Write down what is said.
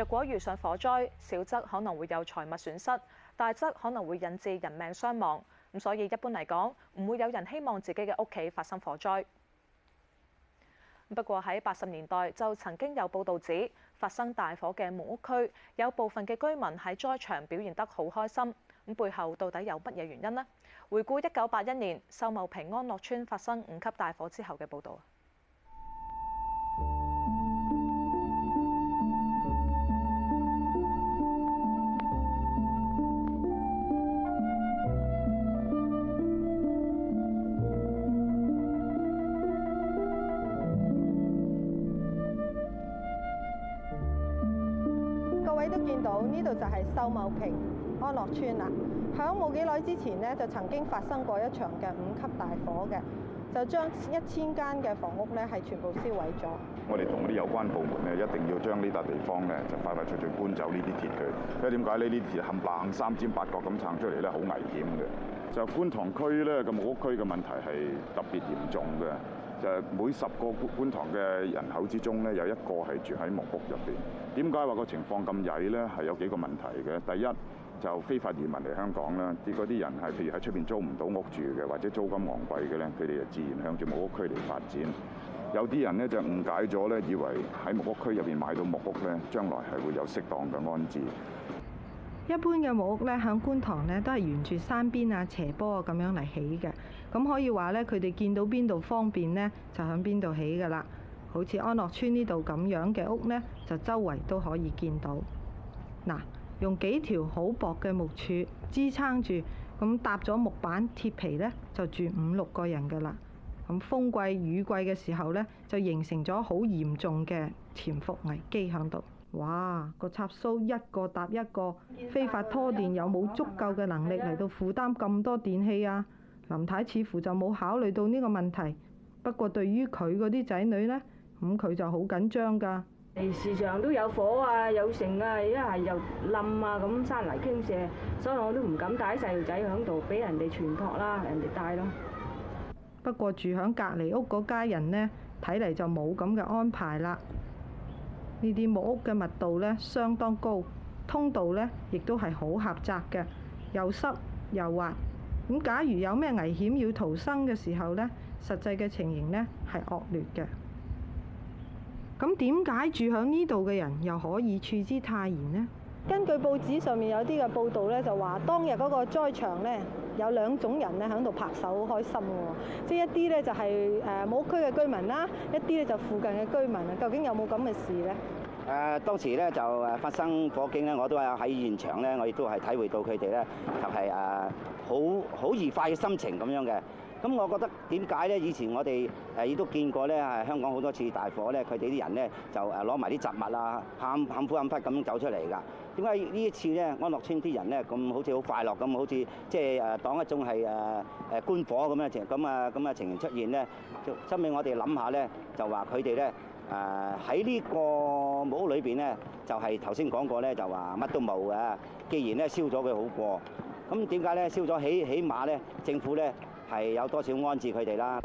若果遇上火災，小則可能會有財物損失，大則可能會引致人命傷亡。咁所以一般嚟講，唔會有人希望自己嘅屋企發生火災。不過喺八十年代就曾經有報道指，發生大火嘅木屋區有部分嘅居民喺災場表現得好開心。咁背後到底有乜嘢原因呢？回顧一九八一年秀茂坪安樂村發生五級大火之後嘅報道。各位都見到，呢度就係秀茂坪安樂村啦，響冇幾耐之前呢，就曾經發生過一場嘅五級大火嘅，就將一千間嘅房屋咧係全部燒毀咗。我哋同啲有關部門咧一定要將呢笪地方咧就快快脆脆搬走呢啲鐵佢，因為點解呢啲鐵冚唪唥三尖八角咁撐出嚟咧，好危險嘅。就觀塘區咧個木屋區嘅問題係特別嚴重嘅。就每十個觀塘嘅人口之中呢，有一個係住喺木屋入邊。點解話個情況咁曳呢？係有幾個問題嘅。第一就非法移民嚟香港啦，啲嗰啲人係譬如喺出邊租唔到屋住嘅，或者租金昂貴嘅呢，佢哋就自然向住木屋區嚟發展。有啲人呢，就誤解咗呢，以為喺木屋區入邊買到木屋呢，將來係會有適當嘅安置。一般嘅木屋呢，響觀塘呢，都係沿住山邊啊、斜坡啊咁樣嚟起嘅。咁可以話咧，佢哋見到邊度方便呢，就響邊度起㗎啦。好似安樂村呢度咁樣嘅屋呢，就周圍都可以見到。嗱，用幾條好薄嘅木柱支撐住，咁搭咗木板鐵皮呢，就住五六個人㗎啦。咁風季雨季嘅時候呢，就形成咗好嚴重嘅潛伏危機響度。哇！個插蘇一個搭一個，非法拖電有冇足夠嘅能力嚟到負擔咁多電器啊？林太似乎就冇考慮到呢個問題，不過對於佢嗰啲仔女呢，咁佢就好緊張㗎。地面都有火啊，有剩啊，一係又冧啊，咁山泥傾瀉，所以我都唔敢帶細路仔響度，俾人哋全托啦，人哋帶咯。不過住響隔離屋嗰家人呢，睇嚟就冇咁嘅安排啦。呢啲木屋嘅密度呢，相當高，通道呢，亦都係好狹窄嘅，又濕又滑。咁假如有咩危險要逃生嘅時候呢，實際嘅情形呢係惡劣嘅。咁點解住響呢度嘅人又可以處之泰然呢？根據報紙上面有啲嘅報導呢，就話當日嗰個災場呢，有兩種人呢喺度拍手好開心喎，即係一啲呢就係誒木屋區嘅居民啦，一啲呢就附近嘅居民啊，究竟有冇咁嘅事呢？誒當時咧就誒發生火警咧，我都係喺現場咧，我亦都係體會到佢哋咧就係誒好好愉快嘅心情咁樣嘅。咁我覺得點解咧？以前我哋誒亦都見過咧，誒香港好多次大火咧，佢哋啲人咧就誒攞埋啲雜物啊，喊喊苦喊忽咁走出嚟㗎。點解呢一次咧安樂村啲人咧咁好似好快樂咁，好似即係誒當一種係誒誒觀火咁樣情，咁啊咁嘅情形出現咧？就後尾我哋諗下咧，就話佢哋咧。誒喺呢個木屋裏邊咧，就係頭先講過咧，就話乜都冇嘅。既然咧燒咗佢好過，咁點解咧燒咗起起碼咧，政府咧係有多少安置佢哋啦？